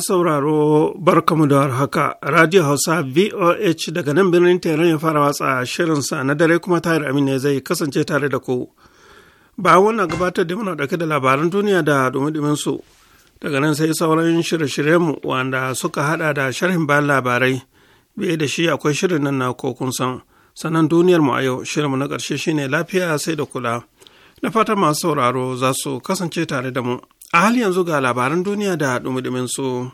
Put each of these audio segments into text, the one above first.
masu sauraro barkamu da haka radio hausa voh daga nan birnin teran ya fara watsa shirinsa na dare kuma tayar amina zai kasance tare da ku ba wannan gabatar da muna ɗauke da labaran duniya da dumi su daga nan sai sauran shirye-shiryenmu wanda suka hada da sharhin bayan labarai biye da shi akwai shirin nan na kokun san sannan duniyar mu a yau shirinmu na ƙarshe shine lafiya sai da kula na fata masu sauraro za su kasance tare da mu. a hali yanzu ga labaran duniya da dumi su.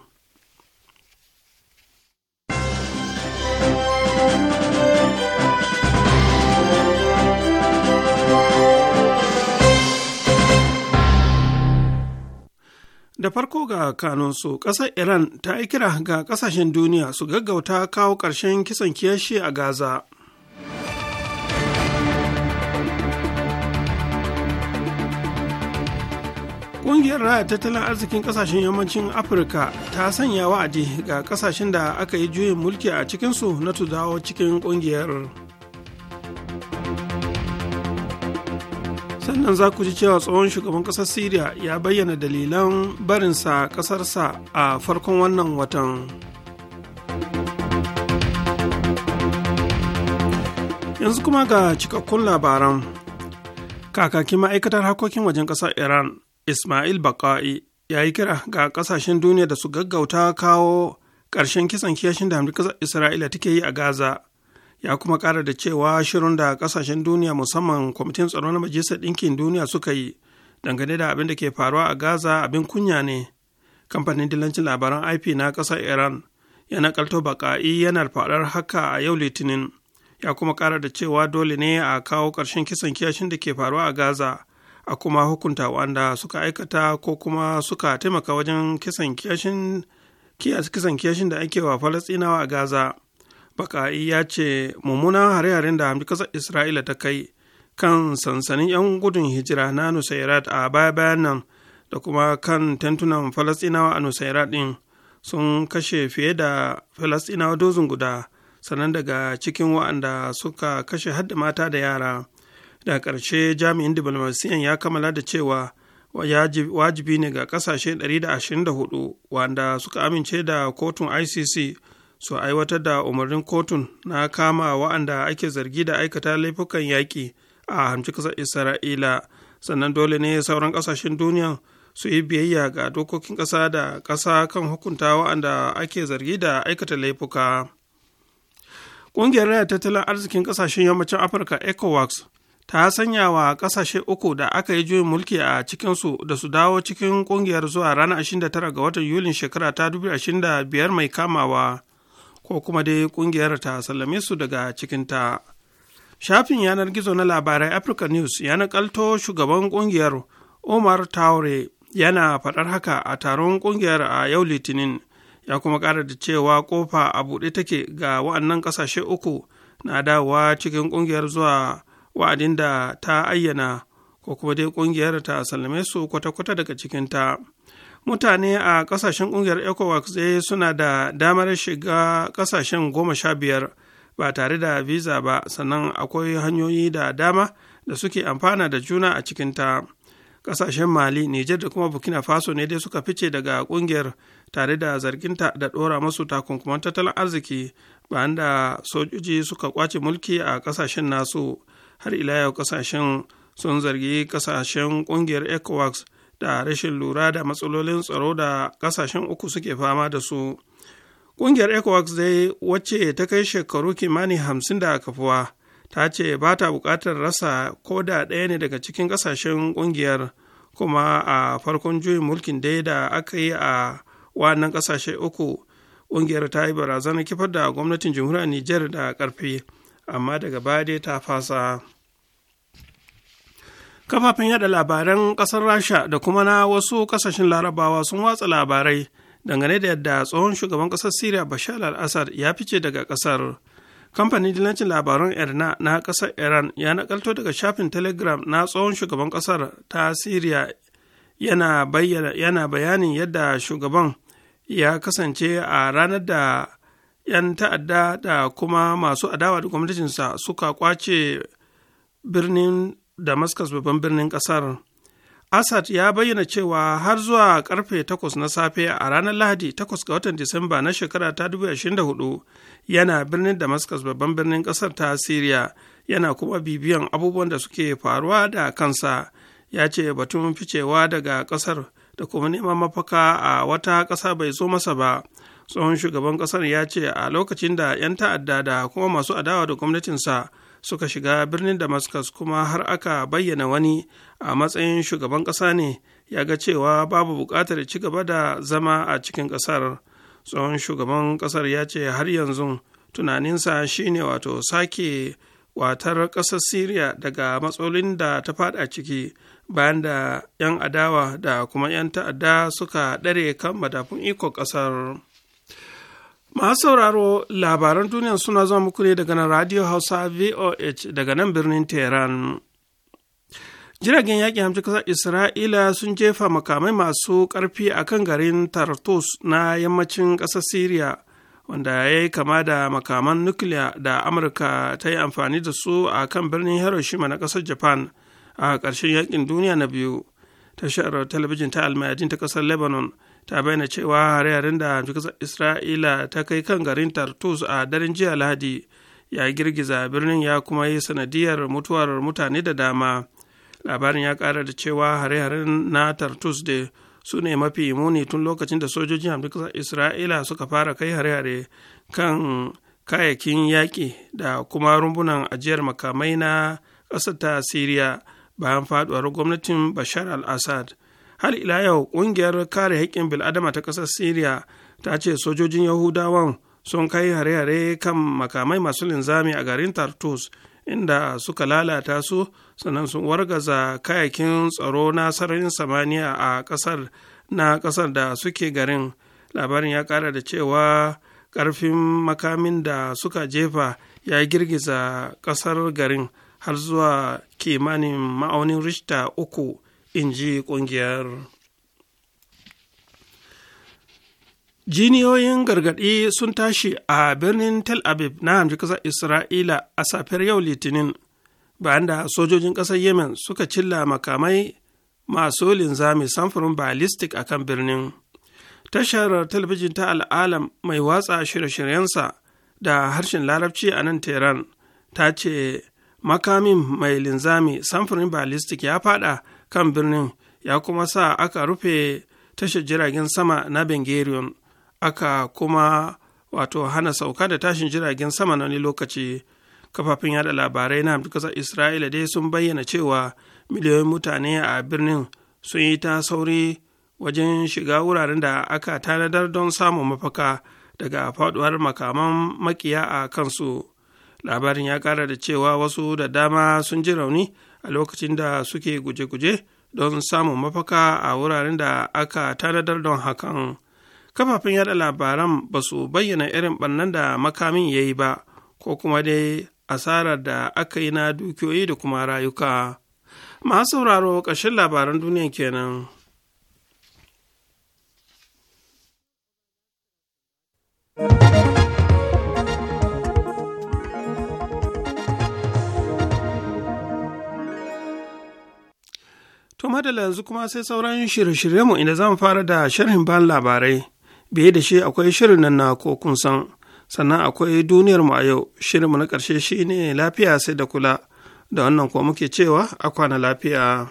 da farko ga kanunsu ƙasar iran ta yi kira ga ƙasashen duniya su gaggauta kawo ƙarshen kisan kiyashi a gaza Ƙungiyar raya tattalin arzikin ƙasashen yammacin Afirka ta sanya wa'adi ga ƙasashen da aka yi juyin mulki a cikinsu na dawo cikin ƙungiyar. Sannan za ku ji cewa tsohon shugaban ƙasar Siriya ya bayyana dalilan barinsa ƙasarsa a farkon wannan watan. Yanzu kuma ga cikakkun labaran. kakakin ma'aikatar harkokin wajen ƙasar iran Ismail Baka'i ya yi kira ga kasashen duniya da su gaggauta kawo ƙarshen kisan kiyashin da hamdukasar Isra'ila take yi a Gaza. Ya kuma ƙara da cewa shirin da ƙasashen duniya musamman kwamitin tsaro na Majalisar Ɗinkin Duniya suka yi dangane da abin da ke faruwa a Gaza abin kunya ne. Kamfanin dilancin labaran IP na ƙasar Iran ya nakalto Baka'i yana faɗar haka a yau Litinin. Ya kuma ƙara da cewa dole ne a kawo ƙarshen kisan kiyashin da ke faruwa a Gaza. a kuma hukunta wanda suka aikata ko kuma suka taimaka wajen kisan kiyashin da ake wa falastinawa a gaza baka'i ya ce mummunan hare-haren da kasar isra'ila ta kai kan sansanin 'yan gudun hijira na nusairat a baya-bayan nan da kuma kan tentunan falastinawa a nusairat din sun kashe fiye da falastinawa dozin guda sannan daga cikin wa'anda suka kashe hadda mata da yara da ƙarshe jami'in diplomasiyan ya kammala da cewa wajibi ne ga ƙasashe 124 wanda suka amince da kotun icc su aiwatar da umarnin kotun na kama wa'anda ake zargi da aikata laifukan yaƙi a hamci ƙasar isra'ila sannan dole ne sauran ƙasashen duniya su yi biyayya ga dokokin ƙasa da ƙasa kan hukunta wa'anda ake zargi da aikata laifuka ƙungiyar raya tattalin arzikin ƙasashen yammacin afirka ecowas ta sanya wa ƙasashe uku da aka yi juyin mulki a cikinsu da su dawo cikin ƙungiyar zuwa ranar 29 ga watan Yulin shekara ta 2025 mai kamawa, ko kuma dai ƙungiyar ta sallame su daga cikinta. Shafin yanar gizo na labarai Africa News ya nakalto shugaban ƙungiyar umar Taure yana faɗar haka a taron ƙungiyar a yau Litinin, ya kuma ƙara da cewa ƙofa a buɗe take ga waɗannan ƙasashe uku na dawowa cikin ƙungiyar zuwa wa'adin da ta ayyana ko kuma dai ƙungiyar ta sallame su kwata-kwata daga cikinta mutane a ƙasashen ƙungiyar ecowas zai suna da damar shiga ƙasashen goma sha biyar ba tare da visa ba sannan akwai hanyoyi da dama da suke amfana da juna a cikinta ƙasashen mali nijar da kuma burkina faso ne dai suka fice daga ƙungiyar tare da zarginta da ɗora masu takunkuman tattalin arziki bayan da sojoji suka kwace mulki a ƙasashen nasu har ila yau kasashen sun zargi kasashen kungiyar ecowas da rashin lura da matsalolin tsaro da kasashen uku suke fama da su kungiyar ecowas dai wacce ta kai shekaru kimanin hamsin da kafuwa ta ce ba ta bukatar rasa ko da ɗaya ne daga cikin kasashen kungiyar kuma a farkon juyin mulkin dai da aka yi a wannan kasashe uku ƙungiyar ta yi barazanar kifar da gwamnatin jamhuriyar niger da ƙarfi. amma daga baya dai ta fasa kafafen yada labaran kasar rasha da kuma na wasu kasashen larabawa sun watsa labarai dangane da yadda tsohon shugaban kasar syria bashar al-assad ya fice daga kasar kamfanin dillancin labaran irna na kasar iran ya nakalto daga shafin telegram na tsohon shugaban kasar ta syria yana, bayanin yadda shugaban ya kasance a ranar da 'yan ta'adda da kuma masu adawa da gwamnatinsa suka kwace birnin damascus babban birnin ƙasar Asad ya bayyana cewa har zuwa karfe 8 na safe a ranar Lahadi 8 ga watan Disamba na shekara ta 2024 yana birnin Damascus babban birnin kasar ta Siriya yana kuma bibiyan abubuwan da suke faruwa da kansa ya ce batun ficewa daga kasar da kuma neman mafaka a wata ƙasa bai zo masa ba tsohon shugaban ƙasar ya ce a lokacin da 'yan ta'adda da kuma masu adawa da gwamnatinsa suka shiga birnin damascus kuma har aka bayyana wani a matsayin shugaban ƙasa ne ya ga cewa babu buƙatar ci gaba da zama a cikin ƙasar tsohon shugaban ƙasar ya ce har yanzu tunaninsa shine wato sake watar ƙasar syria daga matsalolin da ta fada ciki bayan da 'yan adawa da kuma 'yan ta'adda suka dare kan madafun ikon ƙasar Masu sauraro labaran duniya suna zuwa muku ne daga nan Radio Hausa VOH daga nan birnin Tehran. Jiragen yaƙin hamsin ƙasar Isra'ila sun jefa makamai masu ƙarfi a kan garin Tartus na yammacin ƙasar Siriya, wanda ya yi kama da makaman nukiliya da Amurka ta yi amfani da su a kan birnin Hiroshima na ƙasar Japan a ƙarshen yaƙin duniya na biyu. Tashar talabijin ta Almayadin ta ƙasar Lebanon ta bayyana cewa hare-haren da amsar isra'ila ta kai kan garin tartus a daren jiya lahadi ya girgiza birnin ya kuma yi sanadiyar mutuwar mutane da dama labarin ya kara da cewa hare-haren na tartus da su ne mafi muni tun lokacin da sojojin amsar isra'ila suka fara kai hare-hare kan kayakin yaƙi da kuma rumbunan ajiyar makamai na ƙasar ta siriya bayan faduwar gwamnatin bashar al-assad har ila yau ƙungiyar kare haƙƙin bil'adama ta ƙasar syria ta ce sojojin yahudawan sun kai hare-hare kan makamai masu linzami a garin tartus inda suka lalata su sannan sun wargaza kayakin tsaro na sararin samaniya a ƙasar na ƙasar da suke garin labarin ya ƙara da cewa ƙarfin makamin da suka jefa ya girgiza ƙasar garin har zuwa kimanin ma'aunin rishta uku in ji ƙungiyar jiniyoyin gargaɗi sun tashi a birnin tel aviv na hamji ƙasar isra'ila a safiyar yau litinin bayan da sojojin ƙasar yemen suka cilla makamai masu linzami samfurin balistik a kan birnin tashar talabijin ta al'alam mai watsa shirye-shiryensa da harshen larabci a nan teran ta ce makamin mai linzami samfurin balistik ya fada kan birnin ya kuma sa aka rufe tashar jiragen sama na bengarian aka kuma wato hana sauka da tashin jiragen sama na wani lokaci kafafin yada labarai na kasar isra'ila dai sun bayyana cewa miliyoyin mutane a birnin sun yi ta sauri wajen shiga wuraren da aka tanadar don samun mafaka daga faduwar makaman makiya a kansu labarin ya kara da cewa wasu da dama sun ji rauni a lokacin da suke guje-guje don samun mafaka a wuraren da aka tanadar don hakan kafafen yada labaran ba su bayyana irin barnan da makamin ya yi ba ko kuma dai asarar da aka yi na dukiyoyi da kuma rayuka masu sauraro ƙarshen labaran duniya kenan. thank you To madala yanzu kuma sai sauran shirye-shiryenmu inda zan fara da sharhin ban labarai, biye da shi akwai shirin nan na ko kun san, sannan akwai duniyarmu a yau, shirinmu na ƙarshe shi ne lafiya sai da kula, da wannan kuwa muke cewa a kwana lafiya.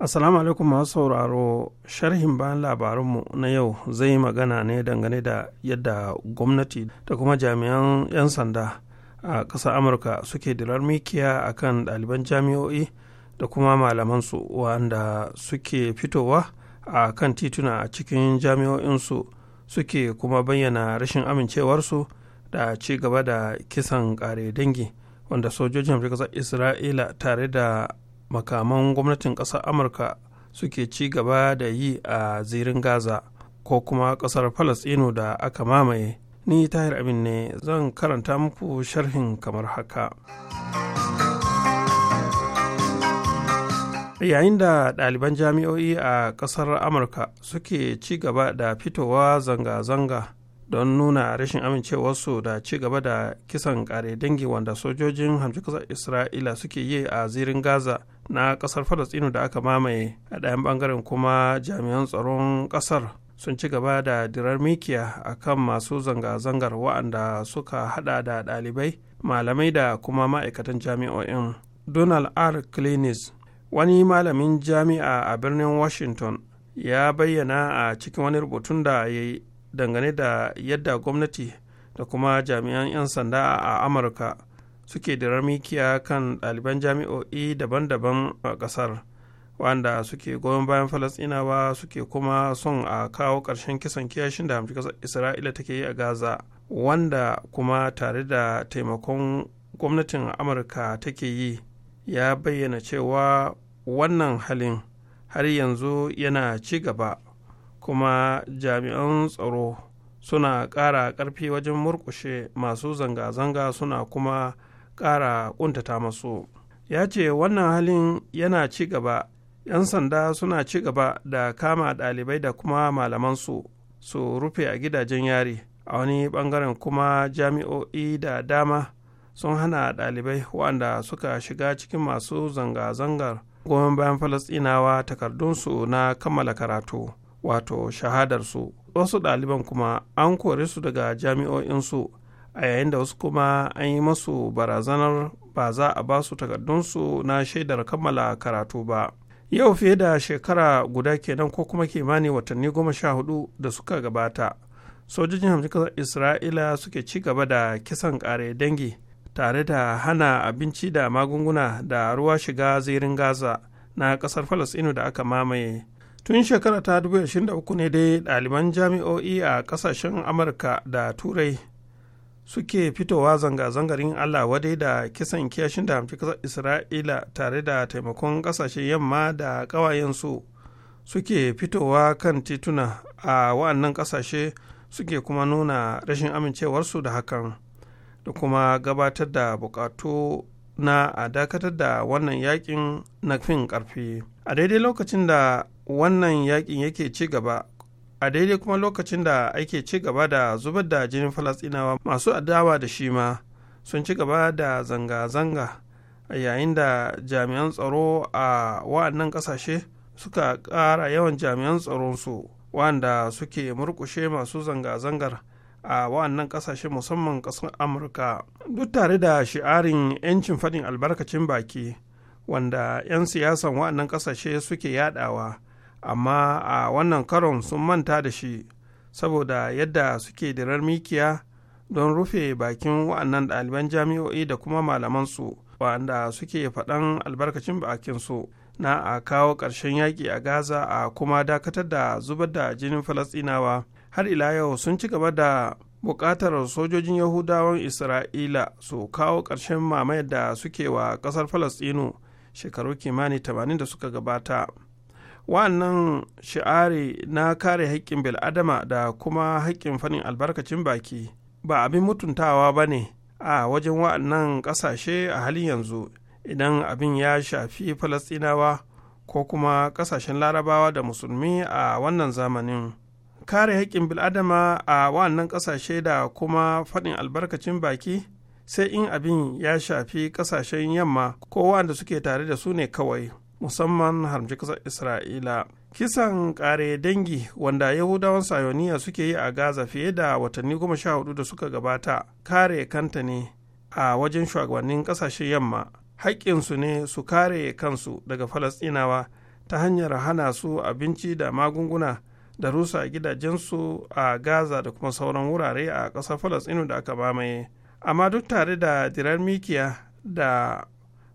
Assalamu alaikum masu sauraro sharhin bayan labarunmu na yau zai magana ne dangane da yadda gwamnati da kuma jami'an 'yan sanda a ƙasar Amurka suke dirar mikiya a kan ɗaliban jami'o'i da kuma malamansu wanda suke fitowa a kan tituna a cikin jami'o'insu suke kuma bayyana rashin amincewarsu da ci gaba da kisan ƙare dangi wanda sojojin Amurka Isra'ila tare da makaman gwamnatin ƙasar amurka suke ci gaba da yi a zirin gaza ko kuma ƙasar falasɗinu da aka mamaye ni tahir amin ne zan karanta muku sharhin kamar haka yayin da ɗaliban jami'o'i a ƙasar amurka suke ci gaba da fitowa zanga-zanga don nuna rashin amincewarsu da ci gaba da kisan ƙare dangi wanda sojojin hamshi ƙasar isra'ila suke yi a zirin gaza na kasar falastino da aka mamaye a ɗayan ɓangaren kuma jami'an tsaron ƙasar sun ci gaba da dirar mikiya a kan masu zanga-zangar wa'anda suka hada da ɗalibai malamai da kuma ma'aikatan jami'o'in donald r clinis wani malamin jami'a a birnin washington ya bayyana a cikin wani rubutun da ya dangane da yadda gwamnati da kuma jami'an 'yan sanda a amurka suke da ramikiya kan ɗaliban jami'o'i daban-daban a ƙasar wanda suke goyon bayan falasɗinawa suke kuma son a kawo ƙarshen kisan kiyashin da hamshi ƙasar isra'ila take yi a gaza wanda kuma tare da taimakon gwamnatin amurka take yi ya bayyana cewa wannan halin har yanzu yana ci gaba kuma jami'an tsaro suna ƙara ƙarfi wajen murƙushe masu zanga-zanga suna kuma ƙara ƙuntata masu ya ce wannan halin yana ci gaba 'yan sanda suna ci gaba da kama ɗalibai da kuma malamansu su rufe a gidajen yari a wani bangaren kuma jami'o'i da dama sun hana ɗalibai waɗanda suka shiga cikin masu zanga-zangar goma bayan falasɗinawa takardunsu na kammala karatu wato shahadarsu wasu ɗaliban kuma an kore su daga jami'o'insu a yayin da wasu kuma an yi masu barazanar ba za a ba su takardunsu na shaidar kammala karatu ba yau fiye da shekara guda kenan ko kuma kimanin watanni goma sha hudu da suka gabata sojojin hamsin isra'ila suke ci gaba da kisan kare dangi tare da hana abinci da magunguna da ruwa shiga zirin gaza na kasar falasinu da aka mamaye tun shekara ta 2023 ne dai ɗaliban jami'o'i a ƙasashen amurka da turai suke fitowa zanga-zangar yin Allah wadai da kisan kiyashin da hamfi kasar Isra'ila tare da taimakon ƙasashen yamma da ƙawayensu suke fitowa kan tituna a wa'annan ƙasashe suke kuma nuna rashin amincewarsu da hakan da kuma gabatar da buƙatu na a dakatar da wannan yakin na fin ƙarfi. A daidai lokacin da wannan yakin yake ci gaba a daidai kuma lokacin da ake ci gaba da zubar da jinin Falasinawa masu adawa da shi ma sun ci gaba da zanga-zanga yayin da jami'an tsaro a wa'annan ƙasashe suka ƙara yawan jami'an tsaronsu wanda suke murkushe masu zanga-zangar a wa'annan ƙasashe musamman ƙasar amurka duk tare da shi'arin 'yancin faɗin albarkacin baki wanda 'yan siyasan wa'annan ƙasashe suke yadawa amma a wannan karon sun manta da shi saboda yadda suke dirar mikiya don rufe bakin wa'annan ɗaliban jami'o'i da kuma malamansu wa'anda suke faɗan albarkacin bakin su na a kawo ƙarshen yaƙi a gaza a kuma dakatar da zubar da jinin falasɗinawa har ila yau sun ci gaba da buƙatar sojojin yahudawan isra'ila su kawo ƙarshen mamayar da suke wa ƙasar falasɗinu shekaru kimanin 80 da suka gabata wannan sha'ari na kare haƙƙin bil'adama da kuma haƙƙin fannin albarkacin baki ba abin mutuntawa ba ne a wajen wa'annan ƙasashe a halin yanzu idan abin ya shafi falastinawa ko kuma ƙasashen larabawa da musulmi a wannan zamanin kare haƙƙin bil'adama a wa'annan ƙasashe da kuma faɗin albarkacin baki sai in abin ya shafi ƙasashen yamma ko wa'anda suke tare da su ne kawai musamman harmci kasar isra'ila kisan kare dangi wanda yahudawan sayoniya suke yi a gaza fiye da watanni goma sha hudu da suka gabata kare kanta ne a wajen shugabannin kasashen yamma haƙƙinsu ne su kare kansu daga falasɗinawa ta hanyar hana su abinci da magunguna da rusa gidajensu a gaza da kuma sauran wurare a ƙasar falasɗinu da aka mamaye amma duk tare da dirar da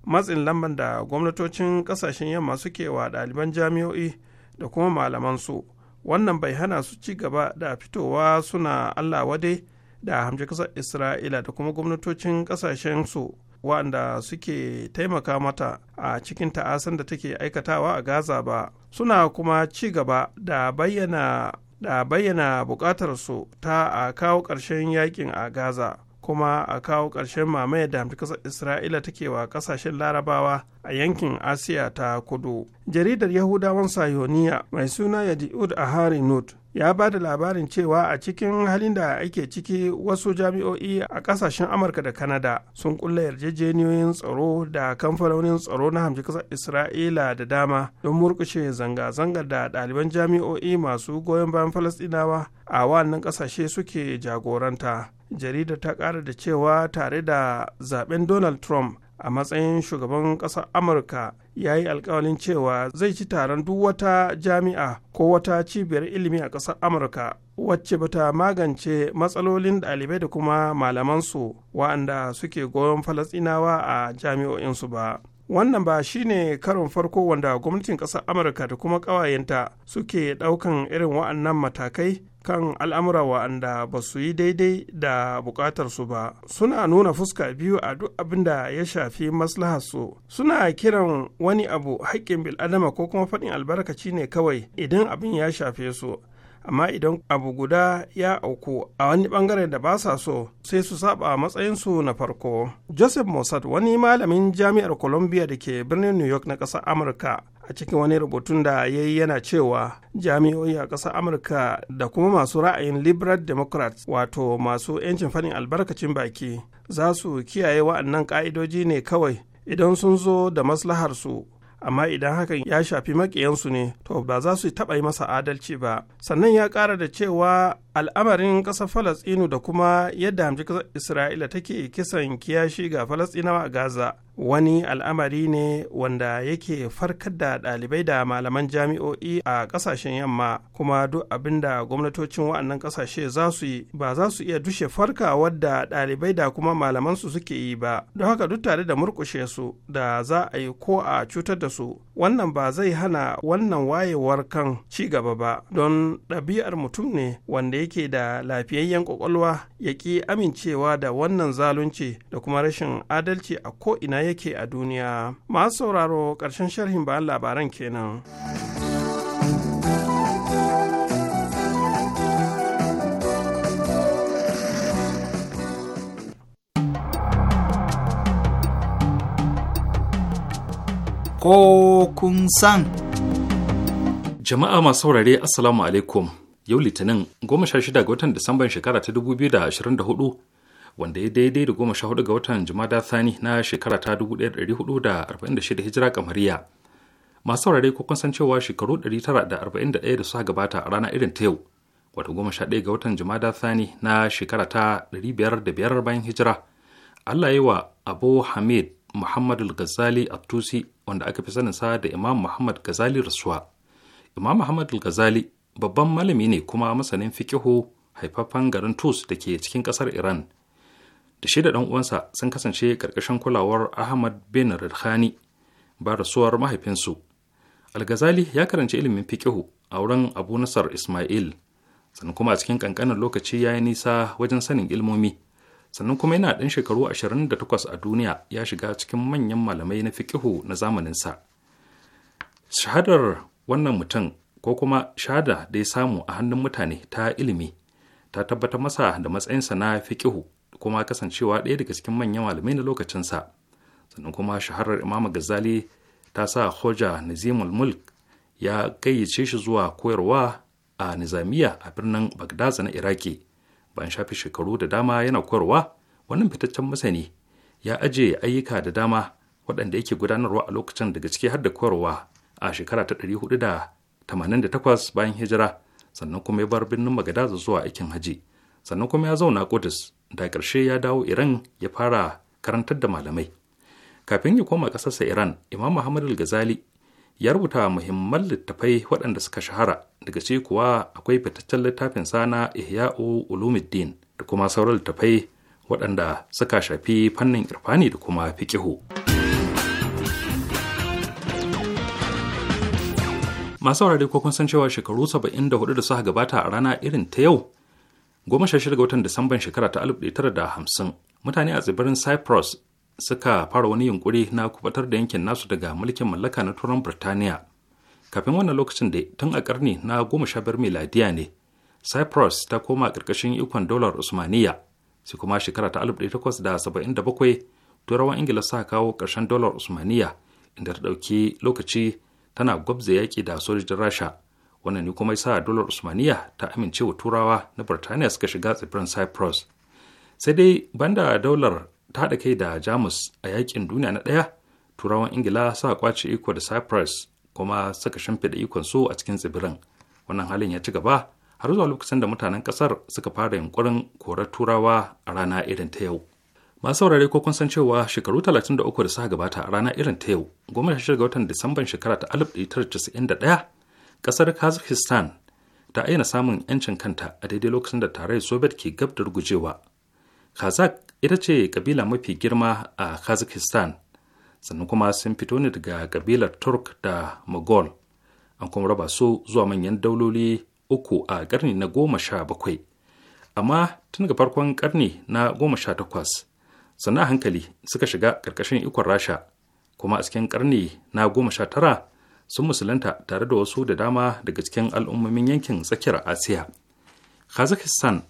matsin lamban da gwamnatocin kasashen yamma suke wa ɗaliban jami'o'i da kuma malaman su wannan bai hana su ci gaba da fitowa suna allah wade da hamshe kasar isra'ila da kuma gwamnatocin kasashen su waɗanda suke taimaka mata a cikin ta'asan da take aikatawa a gaza ba suna kuma ci gaba da bayyana da bayyana buƙatar su ta a kawo ƙarshen yakin a gaza kuma a kawo ƙarshen mamayar da ƙasar isra'ila take wa ƙasashen larabawa a yankin asiya ta kudu jaridar yahudawan sayoniya mai suna yadi'ud ahari not ya ba da labarin cewa a cikin halin da ake ciki wasu jami'o'i a kasashen amurka da kanada sun kulla yarjejeniyoyin tsaro da kamfanonin tsaro na hamji kasar isra'ila da dama don murkushe zanga-zangar da ɗaliban jami'o'i masu goyon bayan falasɗinawa a wannan kasashe suke jagoranta jarida ta ƙara da cewa tare da zaben donald trump a matsayin shugaban ƙasar amurka ya yi alkawalin cewa zai ci taron duk wata jami'a ko wata cibiyar ilimi a ƙasar amurka wacce bata magance matsalolin ɗalibai da kuma malamansu wa'anda suke goyon falasinawa a jami'o'insu ba wannan ba shi ne karon farko wanda gwamnatin ƙasar amurka da kuma ƙawayenta suke ɗaukan irin wa'annan matakai kan al'amura wa'anda ba su yi daidai da su ba suna nuna fuska biyu a duk abin da ya shafi maslaharsu suna kiran wani abu haƙƙin bil'adama ko kuma faɗin albarkaci ne kawai idan abin ya shafe su amma idan abu guda ya auku a wani ɓangare da ba sa so sai su saba matsayinsu na farko joseph mossad wani malamin jami'ar columbia da ke birnin new york na ƙasar amurka a cikin wani rubutun da ya yi yana cewa jami'o'i a ƙasar amurka da kuma masu ra'ayin liberal democrats wato masu 'yancin fannin albarkacin baki za su kiyaye wa'annan ƙa'idoji ne kawai idan sun zo da maslaharsu amma idan hakan ya shafi maƙiyansu ne to ba za su taɓa yi masa adalci ba sannan ya ƙara da cewa al'amarin ƙasar falasɗinu da kuma yadda hamji ƙasar isra'ila take kisan kiyashi ga falasɗinawa a gaza wani al'amari ne wanda yake farkar da ɗalibai da malaman jami'o'i a ƙasashen yamma kuma duk abin da gwamnatocin wa'annan ƙasashe za su yi ba za su iya dushe farka wadda ɗalibai da kuma malamansu suke yi ba don haka duk tare da murƙushe su da za a yi ko a cutar da su wannan ba zai hana wannan wayewar kan ci gaba ba don ɗabi'ar mutum ne wanda yake da lafiyayyen ƙwaƙwalwa ya ƙi amincewa da wannan zalunci da kuma rashin adalci a ko'ina yake a duniya masu sauraro ƙarshen sharhin bayan labaran kenan. ko kun san. Jama'a masu saurare Assalamu alaikum yau litinin goma sha shida ga watan Disamban shekara ta dubu biyu da ashirin da hudu wanda ya daidai da goma sha hudu ga watan Jumada Thani na shekara ta dubu ɗaya ɗari hudu da arba'in da shida hijira kamariya. Masu saurare ko kun san cewa shekaru ɗari tara da arba'in da ɗaya da suka gabata a rana irin ta yau wato goma sha ɗaya ga watan Jumada Thani na shekara ta ɗari biyar da biyar bayan hijira. Allah yi wa Abu Hamid Muhammadu Al-Ghazali Abtusi wanda aka fi sanin sa da Imam Muhammad Ghazali rasuwa. Imam Muhammad Ghazali babban malami ne kuma masanin fikihu haifaffen garin Tus da ke cikin ƙasar Iran. Da shi da ɗan uwansa sun kasance ƙarƙashin kulawar Ahmad bin Ridhani ba rasuwar mahaifinsu. Al-Ghazali ya karanci ilimin fikihu a wurin Abu Nasar Ismail sannan kuma a cikin ƙanƙanin lokaci ya yi nisa wajen sanin ilmomi. sannan kuma yana ɗan shekaru 28 a duniya ya shiga cikin manyan malamai na fikihu na zamaninsa shahadar wannan mutum ko kuma shahada da ya samu a hannun mutane ta ilimi ta tabbatar masa da matsayinsa na fikihu kuma kasancewa ɗaya daga cikin manyan malamai na lokacinsa sannan kuma shaharar imam gazali ta sa hoja Nizimul mulk ya gayyace shi zuwa koyarwa a nizamiya a birnin bagdaza na iraki bayan shafe shekaru da dama yana koyarwa wannan fitaccen masani ya ajiye ayyuka da dama waɗanda yake gudanarwa a lokacin daga ciki har da koyarwa a shekara ta da 488 bayan hijira sannan kuma ya bar birnin magadaza zuwa aikin haji sannan kuma ya zauna kudus da ƙarshe ya dawo iran ya fara karantar da malamai kafin ya koma ƙasarsa iran imam muhammad al-ghazali ya rubuta muhimman littafai waɗanda suka shahara daga ce kuwa akwai fitaccen littafin sana ihya'u ulumuddin da kuma sauran littafai waɗanda suka shafi fannin irfani da kuma fikihu. masu saurare ko kun san cewa shekaru 74 da suka gabata a rana irin ta yau goma sha shirga watan disamban shekara ta 1950 mutane a tsibirin cyprus suka fara wani yunkuri na kubatar da yankin nasu daga mulkin mallaka na turan birtaniya kafin wannan lokacin da tun a karni na goma sha biyar miladiya ne cyprus ta koma ƙarƙashin ikon dolar usmaniya sai kuma shekara ta alif da da saba'in bakwai turawan ingila sa kawo ƙarshen dolar usmaniya inda ta ɗauki lokaci tana gwabza yaƙi da sojojin rasha wannan ne kuma sa dolar usmaniya ta amince wa turawa na birtaniya suka shiga tsibirin cyprus sai dai banda daular ta haɗa kai da jamus a yakin duniya na ɗaya turawan ingila sa kwace iko da cyprus kuma suka shimfiɗa ikon su a cikin tsibirin wannan halin ya ci gaba har zuwa lokacin da mutanen ƙasar suka fara yunkurin korar turawa a rana irin ta yau masu saurare ko kun san cewa shekaru 33 da suka gabata a rana irin ta yau goma sha ga watan disamban shekara ta 1991 ƙasar kazakhstan ta aina samun 'yancin kanta a daidai lokacin da tarayyar soviet ke gab da rugujewa kazakh ita ce kabila mafi girma a kazakhstan sannan kuma sun fito ne daga kabilar turk da mughal an kuma raba su zuwa manyan dauloli uku a karni na goma sha bakwai amma tun daga farkon karni na goma sha takwas sannan a hankali suka shiga ƙarƙashin ikon rasha kuma a cikin karni na goma sha tara sun musulunta tare da wasu da dama daga cikin al'ummomin yankin tsakiyar asiya kazakhstan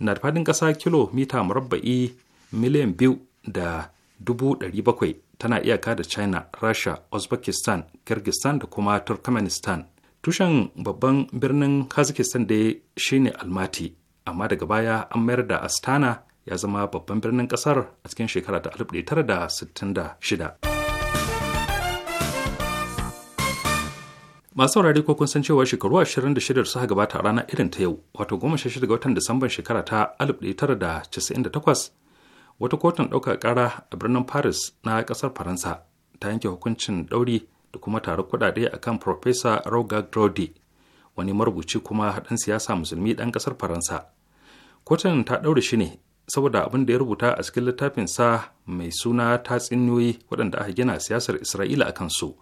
na da faɗin ƙasa kilomita murabba'i miliyan biyu da dubu ɗari bakwai tana iyaka da china rasha uzbekistan kyrgyzstan da kuma turkmenistan tushen babban birnin kazakhstan dai shine almati amma daga baya an mayar da astana ya zama babban birnin ƙasar a cikin shekara ta 1966 masu saurare ko kun san cewa shekaru 26 suka gabata a rana irin ta yau wato 16 ga watan disamban shekara ta 1998 wata kotun ɗauka ƙara a birnin paris na ƙasar faransa ta yanke hukuncin ɗauri da kuma tare kuɗaɗe a kan Profesa Roger Grody, wani marubuci kuma ɗan siyasa musulmi ɗan ƙasar Faransa. Kotun ta ɗaure shi ne saboda abin da ya rubuta a cikin littafinsa mai suna tatsuniyoyi waɗanda aka gina siyasar Isra'ila a kansu.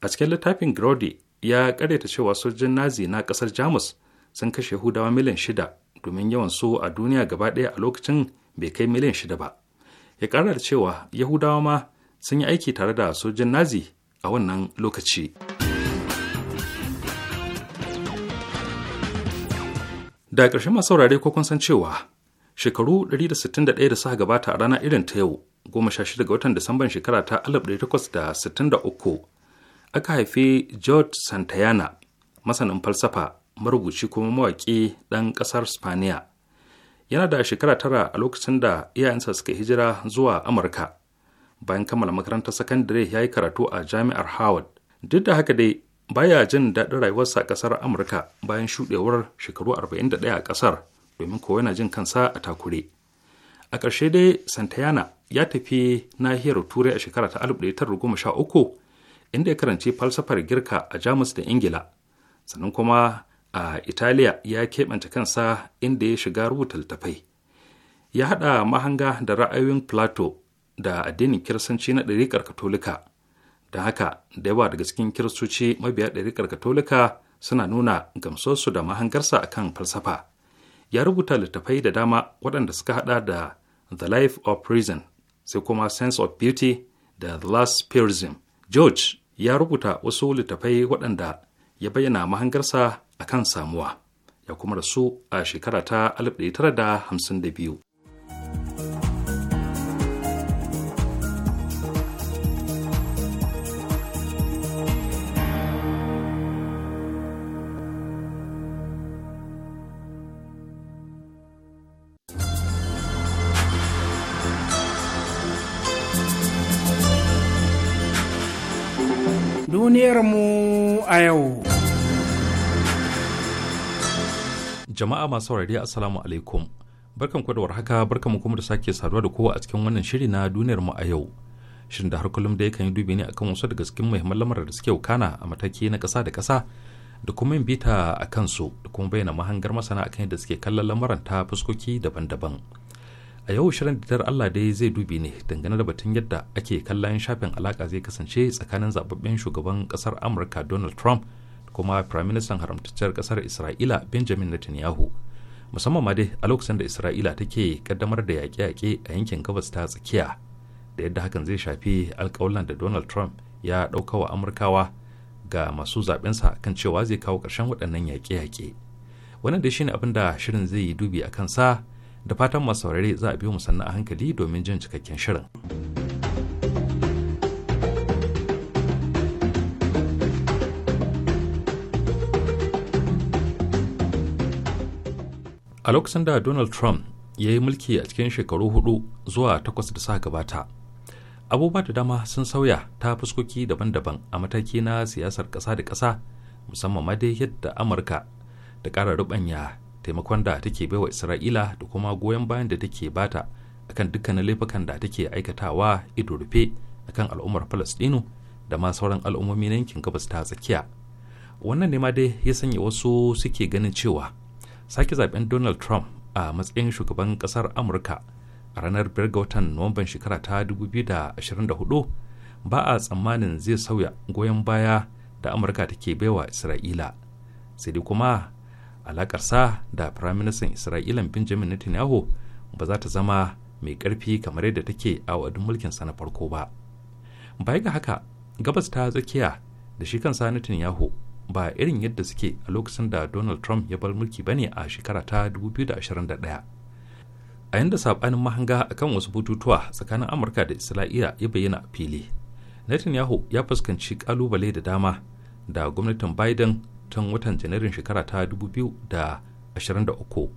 A cikin littafin Grody ya karyata cewa sojin nazi na kasar jamus sun kashe yahudawa miliyan shida domin yawan su a duniya gaba ɗaya a lokacin bai kai miliyan shida ba ya ƙara da cewa yahudawa ma sun yi aiki tare da sojin nazi a wannan lokaci da ƙarshen masu saurare ko kun san cewa shekaru 161 da suka gabata a rana irin ta yau 16 ga watan disamban shekara ta 1863 aka haifi george santayana masanin falsafa marubuci kuma mawaƙi ɗan ƙasar spaniya yana da shekara tara a lokacin da iyayensa suka hijira zuwa amurka bayan kammala makarantar sakandare ya yi karatu a jami'ar howard duk da haka dai baya jin daɗin rayuwarsa a ƙasar amurka bayan shuɗewar shekaru arba'in da 41 a ƙasar domin kowa yana jin kansa a takure a ƙarshe dai santayana ya tafi nahiyar turai a shekara ta sha 1913 inda ya karanci falsafar girka a jamus da ingila sannan kuma a italiya ya keɓanta kansa inda ya shiga rubuta littafai ya haɗa mahanga da ra'ayoyin plato da addinin kiristanci na ɗariƙar katolika da haka da yawa daga cikin kiristoci mabiya ɗariƙar katolika suna nuna gamsosu da mahangarsa a kan falsafa ya rubuta littattafai da dama waɗanda suka haɗa da the life of prison sai kuma sense of beauty da the last purism george ya rubuta wasu littafai waɗanda ya bayyana mahangarsa a kan samuwa ya kuma rasu a shekara ta 1952 mu a yau. Jama'a masu saurari Assalamu alaikum. Barkan ku da warhaka, barkan mu kuma da sake saduwa da kowa a cikin wannan shiri na duniyar mu a yau. Shirin da har kullum da yakan yi dubi ne akan wasu daga cikin muhimman lamarin da suke wakana a mataki na ƙasa da ƙasa da kuma yin bita a kansu da kuma bayyana mahangar masana akan yadda suke kallon lamuran ta fuskoki daban-daban. a yau shirin da Allah dai zai dubi ne dangane da batun yadda ake kallon shafin alaka zai kasance tsakanin zababben shugaban kasar amurka donald trump da kuma firaministan haramtacciyar kasar isra'ila benjamin netanyahu musamman ma dai a lokacin da isra'ila take kaddamar da yaƙe-yaƙe a yankin gabas ta tsakiya da yadda hakan zai shafi alkawalan da donald trump ya ɗauka wa amurkawa ga masu zaɓensa kan cewa zai kawo ƙarshen waɗannan yaƙe-yaƙe wannan dai shine abin da shirin zai yi dubi a kansa da fatan masu saurare za a biyo mu sannan a hankali domin jin cikakken shirin. a lokacin da donald trump ya yi mulki a cikin shekaru hudu zuwa takwas da sa gabata abubuwa da dama sun sauya ta fuskoki daban-daban a mataki na siyasar ƙasa da ƙasa musamman ma dai yadda amurka da ƙara rubanya taimakon da take baiwa isra'ila da kuma goyon bayan da take bata akan dukkanin laifukan da take aikatawa ido rufe akan al'ummar falastinu da ma sauran al'ummomi na yankin gabas ta tsakiya wannan ne ma dai ya sanya wasu suke ganin cewa sake zaben donald trump a matsayin shugaban kasar amurka a ranar 5 ga watan nuwamban shekara ta 2024 ba a tsammanin zai sauya goyon baya da amurka take baiwa isra'ila sai dai kuma alakarsa da firaministan isra'ila benjamin netanyahu ba za ta zama mai ƙarfi kamar yadda take a mulkin sa na farko ba baya ga haka gabas ta tsakiya da shi kansa netanyahu ba irin yadda suke a lokacin da donald trump ya bar mulki bane a shekara ta 2021 a yadda sabanin mahanga akan wasu bututuwa tsakanin amurka da isra'ila ya bayyana a fili netanyahu ya fuskanci kalubale da dama da gwamnatin biden tun watan janairun shekara ta 2023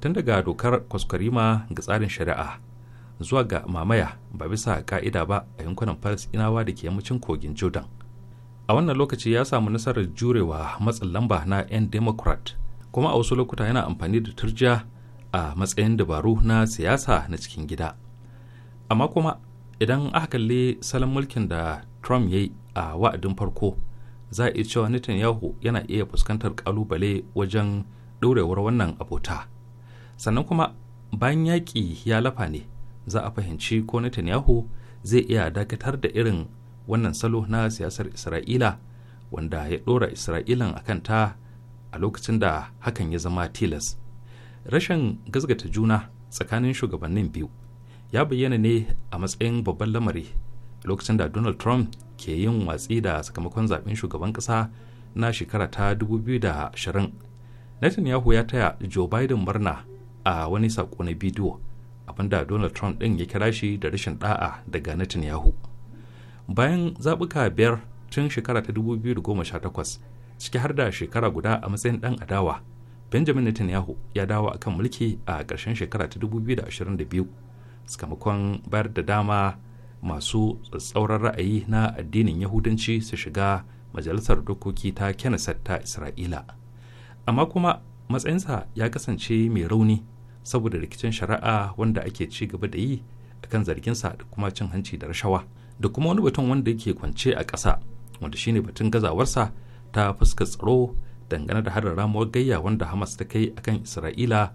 tun daga dokar kwaskwarima ga tsarin shari'a zuwa ga mamaya ba bisa ka'ida ba a yankunan inawa da ke yammacin kogin jordan a wannan lokaci ya samu nasarar jurewa matsin lamba na 'yan democrat kuma a wasu lokuta yana amfani da turja a matsayin dabaru na siyasa na cikin gida amma kuma idan aka kalli salon mulkin da trump ya yi a wa'adin farko za a iya cewa netanyahu yana iya fuskantar kalubale wajen ɗorewar wannan abota sannan kuma bayan yaƙi ya lafa ne za a fahimci ko netanyahu zai iya dakatar da irin wannan salo na siyasar isra'ila wanda ya ɗora isra'ilan a ta a lokacin da hakan ya zama tilas rashin gazgata juna tsakanin shugabannin biyu ya bayyana ne a matsayin babban lamari lokacin da donald trump ke yin watsi da sakamakon zaben shugaban kasa na shekara ta 2020 netanyahu ya taya joe biden murna a wani sako na bidiyo abinda donald trump ɗin ya kira shi da rashin da'a daga netanyahu bayan zaɓuka biyar tun shekara ta 2018 ciki har da shekara guda a matsayin ɗan adawa benjamin netanyahu ya dawo akan mulki a ƙarshen shekara ta 2022 sakamakon bayar da dama masu tsatsauran ra'ayi na addinin yahudanci su shiga majalisar dokoki ta kenesat ta isra'ila amma kuma matsayinsa ya kasance mai rauni saboda rikicin shari'a wanda ake ci gaba da yi akan zarginsa da kuma cin hanci da rashawa da kuma wani batun wanda yake kwance a ƙasa wanda shine batun gazawarsa ta fuskar tsaro dangane da harin ramuwar gayya wanda hamas ta kai akan isra'ila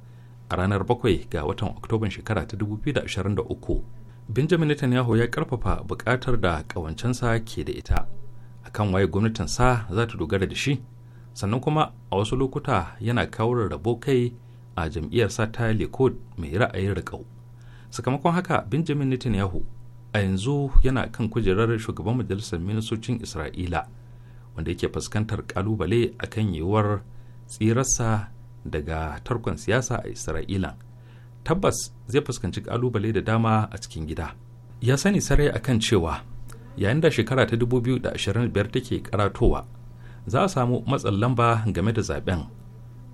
a ranar 7 ga watan oktoban shekara ta 2023 benjamin netanyahu ya karfafa bukatar da kawancensa ke da ita akan waye gwamnatinsa za ta dogara da shi sannan kuma a wasu lokuta yana kawo rabo kai a jam'iyyarsa ta likud mai ra'ayin riƙau sakamakon haka benjamin netanyahu a yanzu yana kan kujerar shugaban majalisar ministocin isra'ila wanda yake fuskantar kalubale akan yiwuwar tsirarsa daga tarkon siyasa a isra'ila tabbas zai fuskanci kalubale da dama a cikin gida ya sani sarai akan cewa yayin da shekara ta 2025 take karatowa za a samu matsan lamba game da zaben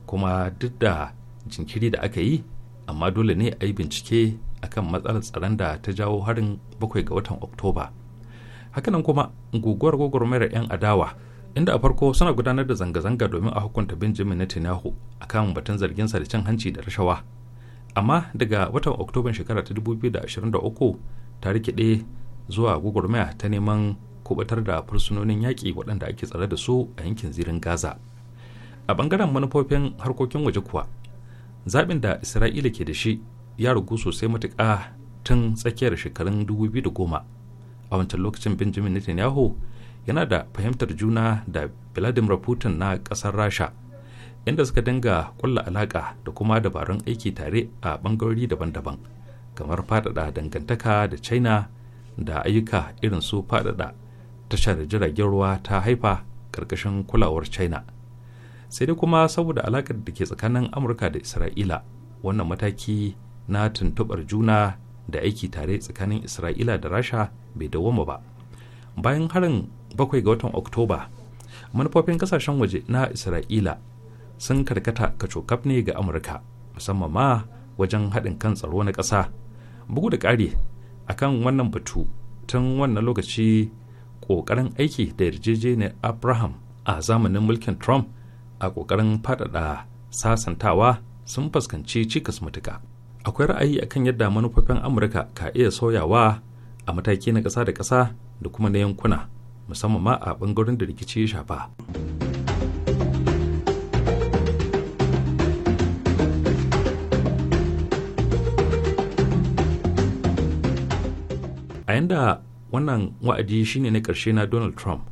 kuma duk da jinkiri da aka yi amma dole ne a yi bincike akan matsalar tsaron da ta jawo harin bakwai ga watan oktoba hakanan kuma guguwar gwagwarmayar 'yan adawa inda a farko suna gudanar da zanga-zanga domin a hukunta benjamin netanyahu akan batun zarginsa da cin hanci da rashawa amma daga watan oktoban shekara ta 2023 ta rikide zuwa gwagwarmaya ta neman kubutar da fursunonin yaƙi waɗanda ake tsare da su a yankin zirin gaza a ɓangaren manufofin harkokin waje kuwa zaɓin da isra'ila ke da shi ya ragu sosai matuƙa tun tsakiyar shekarun 2010 a wancan lokacin benjamin netanyahu yana da fahimtar juna da vladimir putin na ƙasar rasha inda suka dinga kulla alaƙa da kuma dabarun aiki tare a ɓangarori daban-daban kamar faɗaɗa dangantaka da china da ayyuka irin su faɗaɗa tashar jiragen ruwa ta haifa ƙarƙashin kulawar china sai dai kuma saboda alaƙar da ke tsakanin amurka da isra'ila wannan mataki na tuntuɓar juna da aiki tare tsakanin isra'ila da rasha bai dawoma ba bayan harin bakwai ga watan oktoba manufofin kasashen waje na isra'ila sun karkata kacokaf ne ga amurka musamman ma wajen haɗin kan tsaro na ƙasa bugu da ƙari kan wannan batu tun wannan lokaci ƙoƙarin aiki da yarjejeniyar abraham a zamanin mulkin trump a ƙoƙarin faɗaɗa sasantawa sun fuskanci cikas matuka akwai ra'ayi akan yadda manufofin amurka ka iya sauyawa a mataki na ƙasa da ƙasa da kuma na yankuna musamman ma a ɓangaren da rikici ya shafa. a yanda wannan wa'adi shine na karshe na donald trump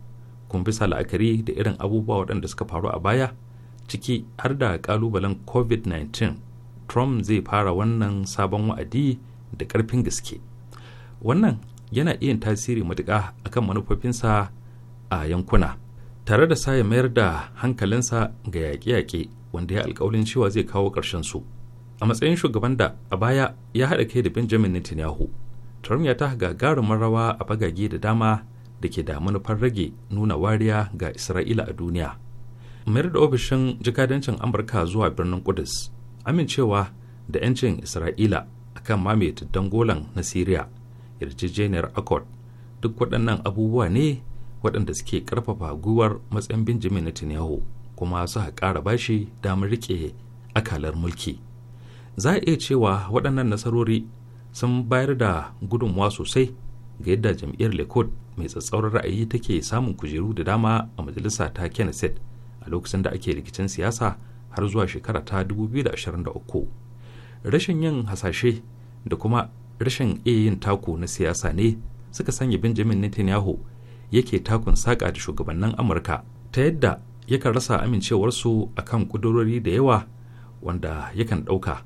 kuma bisa la'akari da irin abubuwa waɗanda suka faru a baya ciki har da kalubalen covid-19 trump zai fara wannan sabon wa'adi da karfin gaske wannan yana iya tasiri matuƙa akan manufofinsa a yankuna tare da sa mayar da hankalinsa ga yaƙe-yaƙe wanda ya alkawalin cewa zai kawo ƙarshen su a matsayin shugaban da a baya ya haɗa kai da benjamin netanyahu taron ya ta gagarumin rawa a bagage da dama da ke da manufar rage nuna wariya ga isra'ila a duniya mayar da ofishin jikadancin amurka zuwa birnin kudus amincewa da 'yancin isra'ila akan mamaye dangolan golan na syria yarjejeniyar accord duk waɗannan abubuwa ne waɗanda suke ƙarfafa guwar matsayin benjamin netanyahu kuma suka ƙara bashi damar riƙe akalar mulki za a iya cewa waɗannan nasarori sun bayar da gudunmuwa sosai ga yadda jam'iyyar lekod mai tsatsauran ra'ayi take samun kujeru da dama a majalisa ta kenneth a lokacin da ake rikicin siyasa har zuwa shekara ta 2023 rashin yin hasashe da kuma rashin iya yin taku na siyasa ne suka sanya benjamin netanyahu yake takun saƙa da shugabannin amurka ta yadda yakan rasa amincewarsu akan ƙudurori da yawa wanda yakan ɗauka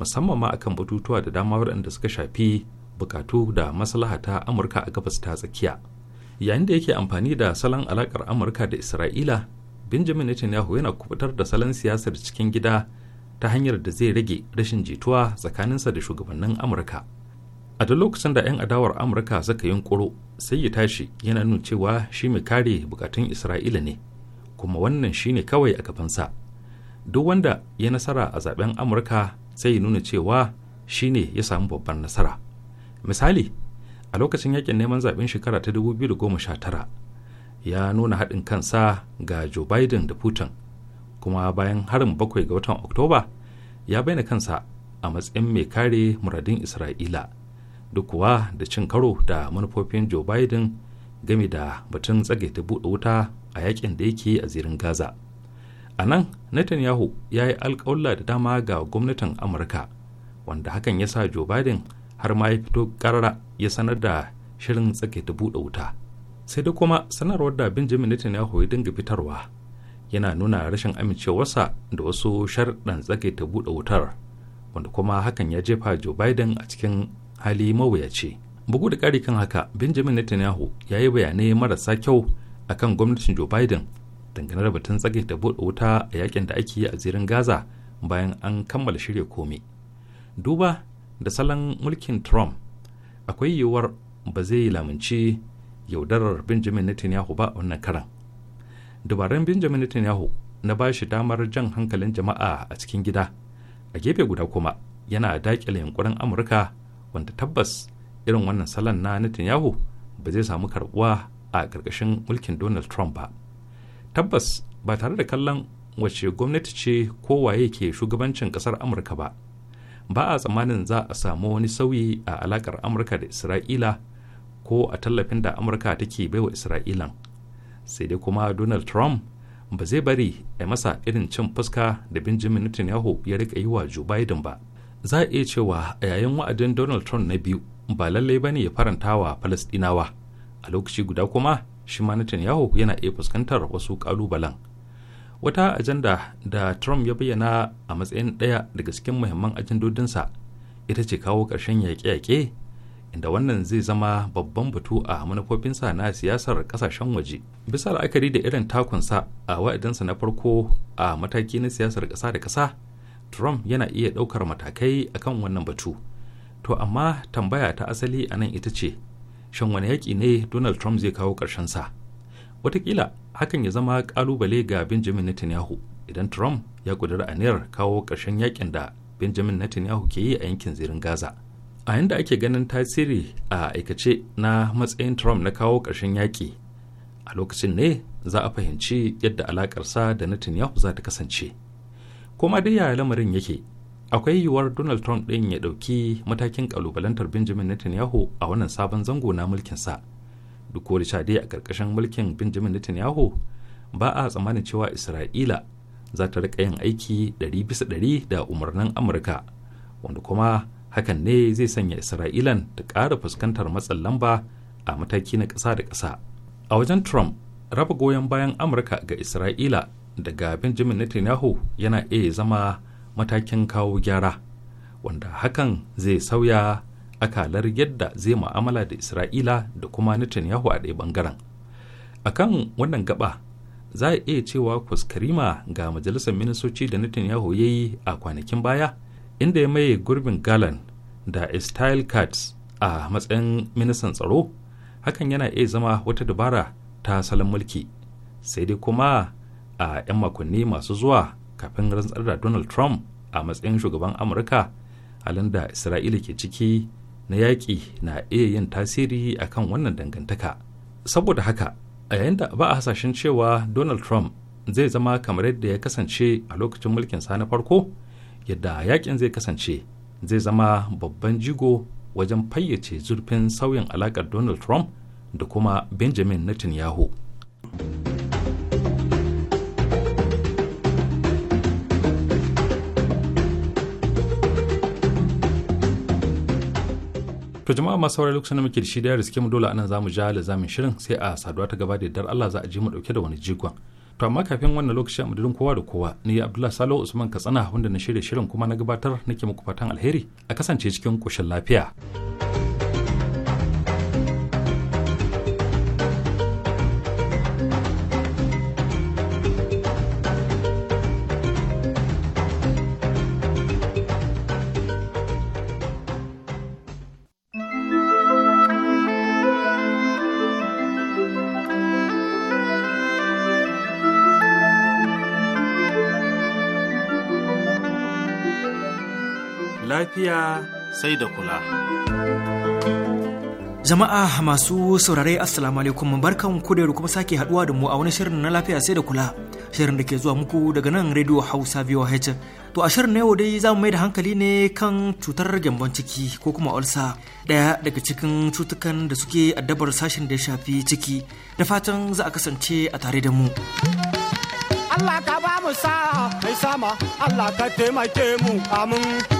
musamman ma akan batutuwa da dama waɗanda suka shafi bukatu da maslaha ta amurka a gabas ta tsakiya yayin da yake amfani da salon alakar amurka da isra'ila benjamin netanyahu yana kubutar da salon siyasar cikin gida ta hanyar da zai rage rashin jituwa tsakaninsa da shugabannin amurka a duk lokacin da 'yan adawar amurka suka koro sai ya tashi yana nuna cewa shi mai kare bukatun isra'ila ne kuma wannan shine kawai a gabansa duk wanda ya nasara a zaben amurka sai ya nuna cewa shi ne ya samu babban nasara misali a lokacin yakin neman zaɓen shekara ta 2019 ya nuna haɗin kansa ga joe biden da putin kuma bayan harin bakwai ga watan oktoba ya bayyana kansa a matsayin mai kare muradin isra'ila duk kuwa da cin karo da manufofin joe biden game da batun tsage ta buɗe wuta a yakin da yake a zirin gaza a nan netanyahu ya yi alkawalla da dama ga gwamnatin amurka wanda hakan ya sa joe biden har ma ya fito karara ya sanar da shirin tsake ta buɗe wuta sai dai kuma sanarwar da benjamin netanyahu ya dinga fitarwa yana nuna rashin amincewarsa da wasu sharɗan tsake ta buɗe wutar wanda kuma hakan ya jefa joe biden a cikin hali mawuyaci bugu da ƙari kan haka benjamin netanyahu ya yi bayanai marasa kyau akan gwamnatin joe biden dangane da batun tsage da buɗe wuta a yakin da ake yi a zirin gaza bayan an kammala shirya komi duba da salon mulkin trump akwai yiwuwar ba zai lamunci yaudarar benjamin netanyahu ba wannan karan dabarun benjamin netanyahu na ba shi damar jan hankalin jama'a a cikin gida a gefe guda kuma yana daƙile yankurin amurka wanda tabbas irin wannan salon na netanyahu ba zai samu karbuwa a ƙarƙashin mulkin donald trump ba tabbas ba tare da kallon wace gwamnati ce ko waye ke shugabancin kasar amurka ba ba a tsammanin za a samu wani sauyi a alakar amurka da isra'ila ko a tallafin da amurka take baiwa isra'ilan sai dai kuma donald trump ba zai bari a masa irin cin fuska da benjamin netanyahu ya rika yi wa joe biden ba za a iya cewa a yayin wa'adin donald trump na biyu ba lallai ba ne ya faranta wa falastinawa a lokaci guda kuma shi ma Netanyahu yana iya fuskantar wasu kalubalen. Wata ajanda da Trump ya bayyana a matsayin ɗaya daga cikin muhimman ajandodinsa ita ce kawo ƙarshen yaƙe-yaƙe inda wannan zai zama babban batu a manufofinsa na siyasar ƙasashen waje. Bisa la'akari da irin takunsa a wa'adinsa na farko a mataki na siyasar ƙasa da ƙasa, Trump yana iya ɗaukar matakai akan wannan batu. To amma tambaya ta asali a nan ita ce, shan wani yaƙi ne donald trump zai kawo ƙarshen sa wataƙila hakan ya zama ƙalubale ga benjamin netanyahu idan trump ya ƙudiri aniyar kawo ƙarshen yaƙin da benjamin netanyahu ke yi a yankin zirin gaza a yanda ake ganin tasiri a aikace na matsayin trump na kawo ƙarshen yaƙi a lokacin ne za a fahimci yadda alakarsa da Netanyahu za ta kasance. koma dai yaya lamarin yake akwai yiwuwar donald trump ɗin ya ɗauki matakin ƙalubalantar benjamin netanyahu a wannan sabon zango na sa duk da sha dai a ƙarƙashin mulkin benjamin netanyahu ba a tsammanin cewa isra'ila za ta riƙa yin aiki ɗari bisa ɗari da umarnin amurka wanda kuma hakan ne zai sanya isra'ilan ta ƙara fuskantar matsin lamba a mataki na ƙasa da ƙasa a wajen trump raba goyon bayan amurka ga isra'ila daga benjamin netanyahu yana iya zama matakin kawo gyara wanda hakan zai sauya akalar yadda zai mu'amala da isra'ila da kuma netanyahu a ɗaya bangaren akan wannan gaba za a iya cewa kuskarima ga majalisar ministoci da netanyahu ya yi a kwanakin baya inda ya maye gurbin galan da style cards a matsayin ministan tsaro hakan yana iya zama wata dabara ta salon mulki sai dai kuma a 'yan makonni masu zuwa kafin rantsar da donald trump a matsayin shugaban amurka halin da isra'ila ke ciki na yaƙi na iya yin tasiri akan wannan dangantaka saboda haka a yayin da ba a hasashen cewa donald trump zai zama kamar yadda ya kasance a lokacin mulkin sa na farko yadda yakin zai kasance zai zama babban jigo wajen fayyace zurfin sauyin alaƙar donald trump da kuma benjamin netanyahu to jama'a masu saurari lokacin da muke da shi da riske mu dole anan zamu ja lazamin shirin sai a saduwa ta gaba da dar Allah za a ji mu dauke da wani jigon to amma kafin wannan lokacin madadin kowa da kowa ni Abdullahi Salo Usman Katsina wanda na shirya shirin kuma na gabatar nake muku fatan alheri a kasance cikin koshin lafiya. lafiya sai da kula. Jama'a masu saurare Assalamu alaikum barkan ku da kuma sake haduwa da mu a wani shirin na lafiya sai da kula. Shirin da ke zuwa muku daga nan Radio Hausa VOH. To a shirin na yau dai za mu mai da hankali ne kan cutar gyambon ciki ko kuma ulsa daya daga cikin cutukan da suke addabar sashen da ya shafi ciki. Da fatan za a kasance a tare da mu. Allah ka ba mu sa mai sama Allah ka taimake mu amin.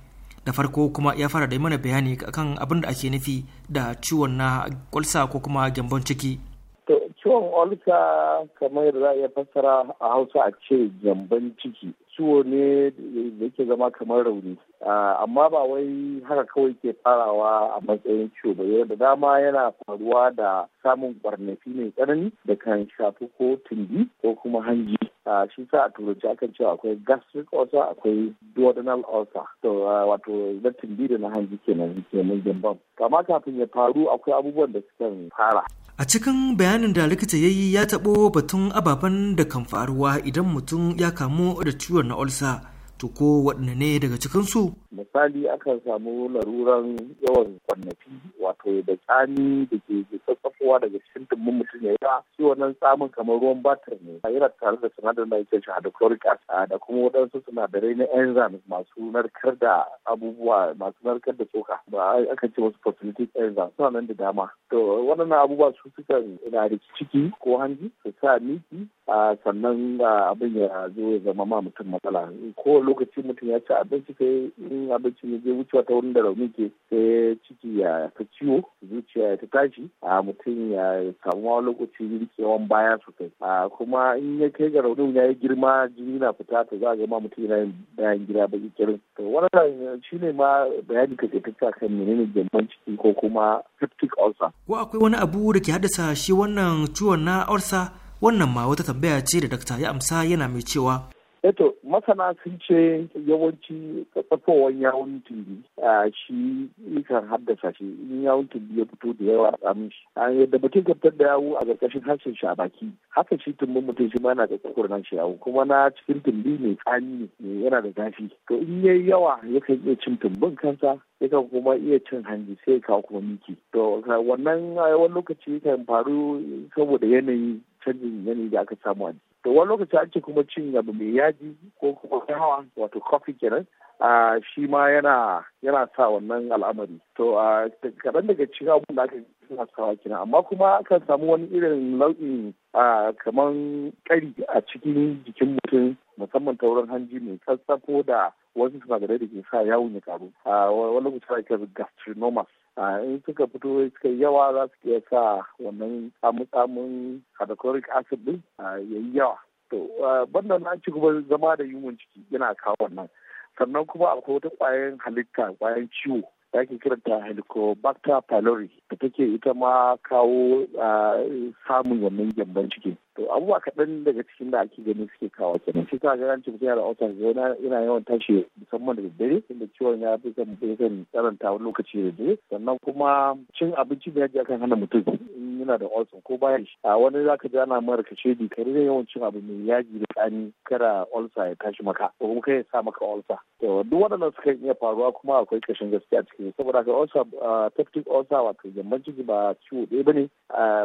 da farko kuma ya fara da mana bayani kan abin da ake nufi da ciwon na kwalsa ko kuma gyambon ciki ciwon olka kamar da za a iya fassara a hausa a ce gyamban ciki ciwo ne da yake zama kamar rauni amma ba wai haka kawai ke farawa a matsayin ciwo ba yau da dama yana faruwa da samun kwarnafi mai tsanani da kan shafi ko tundi ko kuma hanji a shi sa a turanci akan cewa akwai gastric ulcer akwai duodenal ulcer to wato na tundi da na hanji kenan kenan gyamban kama kafin ya faru akwai abubuwan da suka fara a cikin bayanin da likita ya yi ya taɓo batun ababen da kan faruwa idan mutum ya kamu da ciwon na olsa to ko waɗanne ne daga cikinsu? Misali akan samu laruran yawan kwannafi wato da tsami da ke tsatsafowa daga cikin dumbin mutum ya yawa shi wannan tsamin kamar ruwan batir ne yana tare da sinadarin da ake shi hydrochloric acid da kuma waɗansu sinadarai na enzymes masu narkar da abubuwa masu narkar da tsoka ba kan ce wasu phosphatic enzymes suna nan da dama to waɗannan abubuwa su sukan na da ciki ko hanji su sa miki sannan abin ya zo ya zama ma mutum matsala ko lokaci mutum ya ci abinci sai in abincin ya je wucewa ta wurin da rauni ke sai ciki ya ta ciwo zuciya ya ta tashi a mutum ya samu wani lokaci rikewan baya sosai a kuma in ya kai ga raunin ya yi girma jini na fita ta za a ga ma mutum yana bayan gida ba kirin to wannan shi ne ma bayani ka ta kan menene gyamban ciki ko kuma septic ulcer ko akwai wani abu da ke haddasa shi wannan ciwon na ulcer wannan ma wata tambaya ce da dakta ya amsa yana mai cewa Eto eh masana sun ce yawanci tsakowar yawon tuli a shi kan haddasa shi in yawon tuli ya fito da yawa a tsamin shi. A yadda mutum gabtar da yawu a ƙarƙashin harshen shi a baki haka shi tumbin mutum shi ma yana da nan shi yawo kuma na cikin tumbi mai tsani ne yana da zafi. To in ya yi yawa yakan iya cin tumbin kansa yakan kuma iya cin hanji sai kawo kuma miki. To wannan wani lokaci kan faru saboda yanayi canjin yanayi da aka samu a to wani lokaci ake kuma cin abu mai yaji ko kuma yawa wato coffee kenan shi ma yana yana sa wannan al'amari to a kaɗan daga cikin abun da aka suna sawa kina amma kuma akan samu wani irin nau'in kamar kari a cikin jikin mutum musamman ta wurin hanji mai ko da wasu sinadarai da ke sa yawon ya karu wani mutum ake gastrinomas in suka fito suka yawa za su iya sa wannan tsamutsamun hydrochloric acid din ya yi yawa to banda na ci gaba zama da yunwan ciki yana kawo wannan sannan kuma akwai wata kwayan halitta kwayan ciwo da ake kiranta helicobacter pylori da take ita ma kawo ah, samun wannan gyambon ciki. to abubuwa kaɗan daga cikin da ake gani suke kawo kenan shi ka ga cikin yana auta yana yana yawan tashi musamman da daddare inda ciwon ya fi kan zan karanta wani lokaci da dare sannan kuma cin abinci da yaji akan hana mutum in yana da olson ko baya shi a wani zaka ka ma mara kashe di ka da yawan cin abu mai yaji da tsani kara olsa ya tashi maka ko kuma kai ya sa maka olsa to duk waɗannan sukan iya faruwa kuma akwai kashin gaskiya cikin saboda haka olsa tactic olsa wato jamban ciki ba ciwo ɗaya ne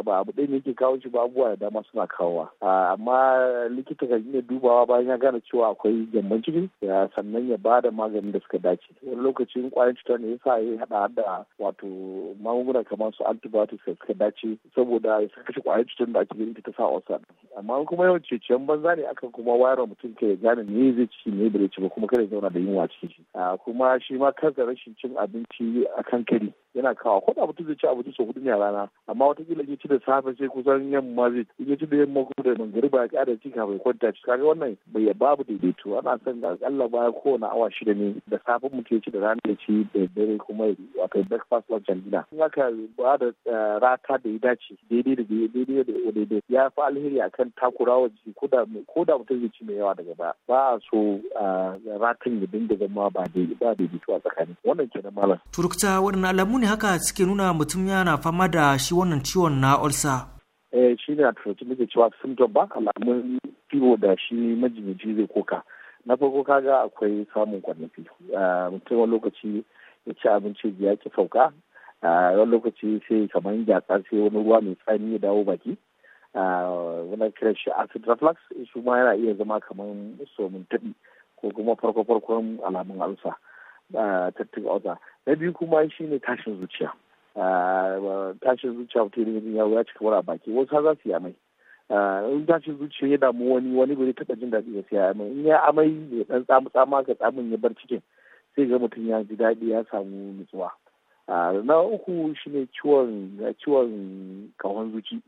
ba abu ɗaya ne yake kawo shi ba abubuwa da dama suna kawowa ah, amma likita kan iya dubawa bayan ya gane cewa akwai gyamban ciki sannan ya ba da maganin da suka dace wani lokacin kwayan cutar ne sa ya hada da wato magunguna kamar su antibiotics da suka dace saboda ya kashe kwayan cutar da ake ta sa ulcer amma kuma yawan ciciyan banza ne akan kuma wayar mutum kai gane me zai ci me bai ci ba kuma kada ya zauna da yunwa cikin shi ah, kuma shi ma kansa rashin cin abinci akan kari yana kawo ko da mutum zai ci abinci sau hudu ne a rana amma watakila ya ci da safe sai kusan yamma zai ya ci da yamma ko da mangariba ya kada ci bai kwanta ci kaga wannan bai babu daidaito ana son ga akalla baya kowane awa shida ne da safe ke ci da rana da ci da dare kuma wato breakfast lunch and dinner in aka ba da eh, rata da ya dace daidai da daidai da daidai ya fi alheri akan takurawa jiki ko da ko da mutum zai ci mai yawa daga ba ba a so eh, ratin ya dinga zama ba ba daidaito a tsakani wannan kenan malam turukta wannan alamu ne haka suke nuna mutum yana fama da shi wannan ciwon na ulcer eh shi ne a turanci muke cewa symptom ba alamun ciwo da shi majinyaci zai koka na farko kaga akwai samun a eh, mutum wani lokaci ya ci abinci ya ki sauka eh, wani lokaci sai kamar gyatsa sai wani ruwa mai tsani ya dawo baki wani eh, kira shi acid reflux shi ma yana iya zama kamar somin tabi ko kuma farko-farkon alamun alsa tattin auta na biyu kuma ne tashin zuciya tashin zuciya mutum ne ya cika wani a baki wasu har za su yi amai eh, in tashin zuciya ya damu wani wani bai taɓa jin daɗi ya sai amai in ya amai ya ɗan tsamu tsama ka tsamin ya bar cikin sai ga mutum ya ji daɗi ya samu nutsuwa eh, na uku shine ciwon ciwon kahon zuci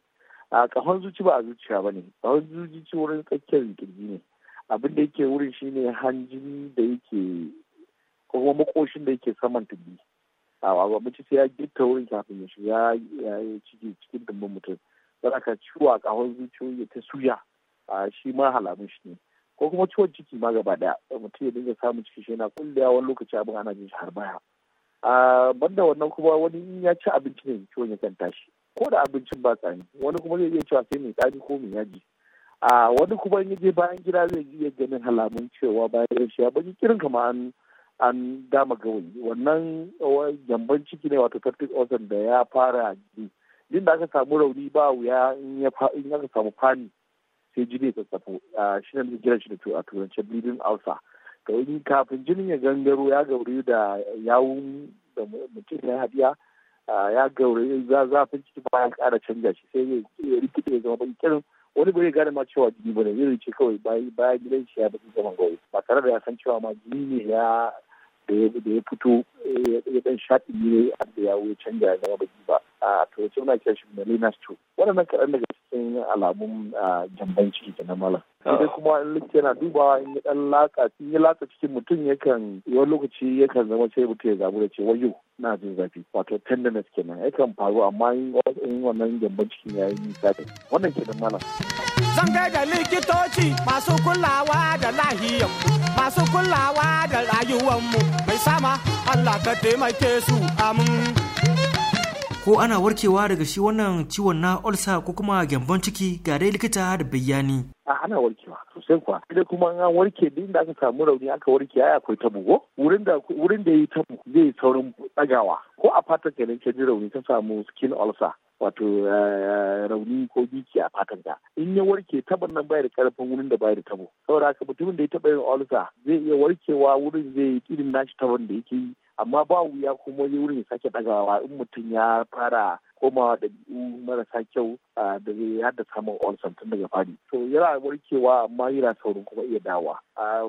a eh, kahon zuci ba a zuciya ba ne kahon zuci wurin tsakiyar kirji ne abin da yake wurin shine hanjin da yake kuma makoshin da yake saman tubi a mace sai ya gitta wurin kafin ya shiga ya yi ciki cikin dumbin mutum don ka ciwo a kahon zuciyoyi ta suya a shi ma halamun shi ne ko kuma ciwon ciki ma gaba daya mutum ya dinga samun ciki shi yana kullewa wani lokaci abin ana jin shi har baya a banda wannan kuma wani in ya ci abinci ne ciwon kan tashi ko da abincin ba tsani wani kuma zai iya cewa sai mai tsani ko mai yaji a wani kuma in ya je bayan gida zai iya ganin halamun cewa bayan shi ya bani kirin kama an an dama gawai wannan jamban ciki ne wato peptic ozan da ya fara jini jin da aka samu rauni ba wuya in aka samu fani sai jini ya tsatsafo shi ne kiran shi da a turance bleeding ulcer to in kafin jinin ya gangaro ya gauri da yawun da mutum ya hadiya ya gauri zafin ciki ba ya kara canja shi sai ya rikide ya zama ba kirin wani bai gane ma cewa jini bane zai ce kawai bayan gidan shi ya bata zaman gauri ba tare da ya san cewa ma jini ne ya da ya fito eh, ya dan shaɗi ne da ya wuce canja baki ba a turanci muna kiran shi melinas to wannan kaɗan daga cikin alamun jambanci ciki da na mala sai kuma in likita yana dubawa in ya dan latsa in ya laka cikin mutum yakan wani lokaci yakan zama sai mutum ya zabu da ce wayo na jin zafi wato tenderness kenan yakan faru amma in wannan jambanci ya yi nisa wannan kenan mala. Zan kai da likitoci masu kulawa da lahiyar, masu kulawa da mu mai sama Allah ka taimake su amin. Ko ana warkewa daga shi wannan ciwon na olsa ko kuma gyambon ciki ga dai likita da bayani. a ana warkewa sosai kuwa idan kuma an warke duk da aka samu rauni aka warke ai akwai tabo wurin da wurin da yi tabo zai saurin tsagawa ko a fatan kenan ka ji rauni ta samu skin ulcer wato eh, rauni ko biki a fatan ka in ya warke taban nan bai da karfin wurin da bai da tabo saboda haka mutumin da ya taba yin ulcer zai iya warkewa wurin zai yi irin nashi taban da yake yi amma ba wuya kuma wurin ya sake dagawa in mutum ya fara komawa da marasa kyau ah, da zai haddasa min olson tun daga fari. To yana warkewa amma yana saurin kuma iya dawa.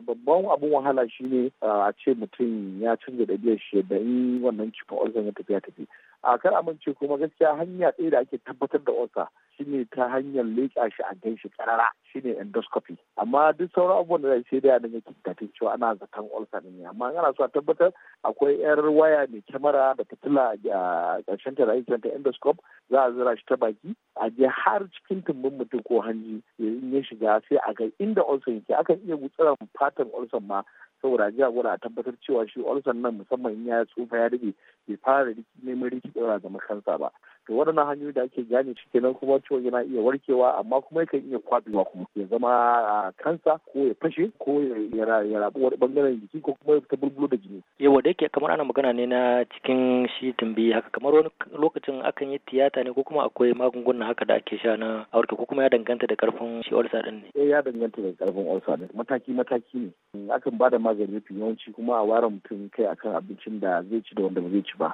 babban abun wahala shine a ce mutum ya canza ɗabi'ar shi da in wannan cikin ulcer ya tafi tafi a kar amince kuma gaskiya hanya ɗaya da ake tabbatar da ulcer shine ta hanyar leƙa shi a ganshi karara shine endoscopy amma duk sauran abubuwan da zai sai da yadda yake tafi cewa ana zaton ulcer ne amma ana so a tabbatar akwai yar waya mai kyamara da fitila a ƙarshen ta da ake endoscope za a zira shi ta baki a je har cikin tumbin mutum ko hanji in ya shiga sai a ga inda ulcer yake akan iya gutsura samun fatan olson ma saboda jagora gwada a tabbatar cewa shi olson nan musamman in ya tsufa ya rage bai fara neman rikidora ga makansa ba to waɗannan hanyoyi da ake gane shi kenan kuma ciwon yana iya warkewa amma kuma yakan iya kwabewa kuma ya zama a kansa ko ya fashe ko ya rabu wani bangaren jiki ko kuma ya bulbulo da jini. yawa da yake kamar ana magana ne na cikin shi tumbi haka kamar wani lokacin akan yi tiyata ne ko kuma akwai magungunan haka da ake sha na aurka ko kuma ya danganta da karfin shi ulcer din ne. Eh, ya danganta da karfin ulcer din mataki mataki ne akan ba da magani yawanci kuma a ware mutum kai akan abincin da zai ci da wanda ba zai ci ba.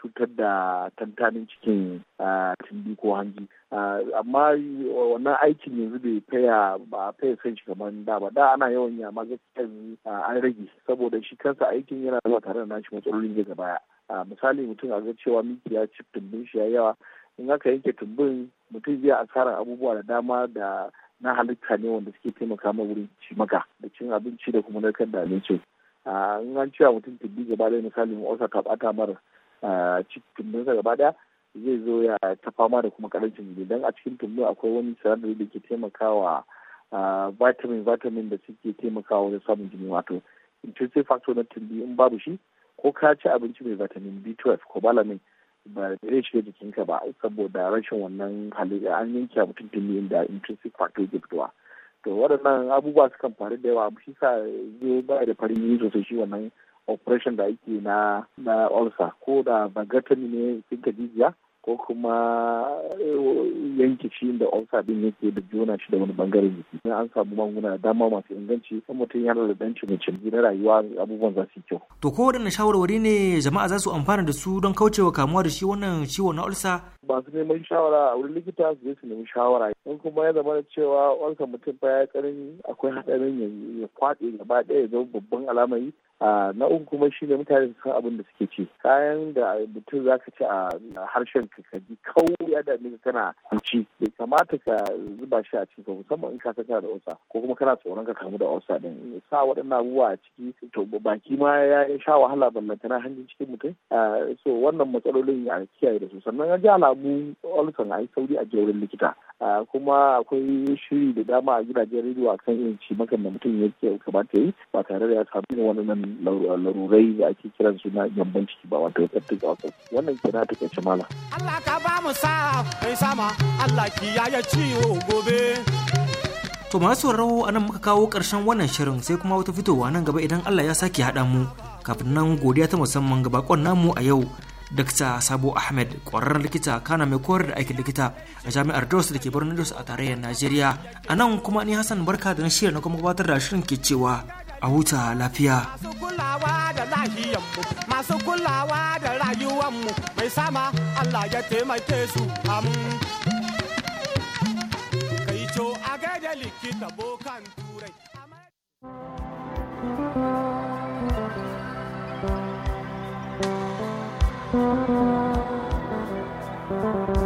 cutar da tantanin cikin tindi ko hanji amma wannan aikin yanzu bai faya ba faya san shi kamar da ba da ana yawan yi amma gaskiya an rage saboda shi kansa aikin yana zuwa tare da nashi matsalolin ga baya misali mutum a ga cewa miki ya ci tumbin shi ya yawa in aka yanke tumbin mutum zai asara abubuwa da dama da na halitta ne wanda suke taimaka ma wurin ci maka da cin abinci da kuma narkar da abinci in an cewa mutum tumbi gaba da misali osa ta ɓata mara cikin gaba daya zai zo ya ta fama da kuma karancin jini don a cikin tumbu akwai wani sinadari da ke taimakawa vitamin vitamin da suke taimakawa wajen samun jini wato intrinsic factor na tumbi in babu shi ko ka ci abinci mai vitamin b12 ko balamin ba zai shiga jikinka ba saboda rashin wannan halitta an yanke mutum tumbi inda intrinsic factor ke fitowa to waɗannan abubuwa sukan faru da yawa shi sa zai ba da farin yi sosai shi wannan operation da ake na na ulcer ko da bagatani ne kinka jijiya ko kuma eh, yanke shi da ulcer din yake da juna shi da wani bangare jiki in an samu magunguna da dama masu inganci kuma mutum yana da dan mai canji na rayuwa abubuwan za su kyau to ko wadannan shawarwari ne jama'a za su amfana da su don kaucewa kamuwa da shi wannan ciwo na ulcer ba su neman shawara a wurin likita su je su nemi shawara in kuma ya zama da cewa ulcer mutum ba ya karin akwai haɗarin ya kwaɗe gaba ɗaya ya zama babban alamari a na uku kuma shi ne mutane su san abin da suke ci kayan da mutum za ka ci a harshen ka ka ji kau ya da ka kana ci bai kamata ka zuba shi a cikin musamman in ka san da osa ko kuma kana tsoron ka kamu da osa din sa waɗannan abubuwa a ciki to baki ma ya sha wahala tana hanjin cikin mutum so wannan matsalolin a kiyaye da su sannan ya ji alamu olson a yi sauri a jerin likita kuma akwai shiri da dama a gidajen rediyo a kan irin cimakan da mutum ya ke kamata yi ba tare da ya samu irin nan larurai da ake kiran suna na ciki ba wato ta gawa wannan kira ta kace mala. Allah ka ba mu sa mai sama Allah ki ya ciwo gobe. To masu sauraro a nan muka kawo ƙarshen wannan shirin sai kuma wata fitowa nan gaba idan Allah ya sake haɗa mu kafin nan godiya ta musamman ga bakon namu a yau Dokta Sabo Ahmed ƙwararren likita kana mai koyar da aikin likita a jami'ar Jos da ke birnin Jos a tarayyar Najeriya. A nan kuma ni Hassan Barka da na shirya na kuma gabatar da shirin ke cewa a huta lafiya. Masu kulawa da lahiyanmu, masu kulawa da rayuwanmu, mai sama Allah ya taimake su am. Kai co likita bokan turai. Thank you.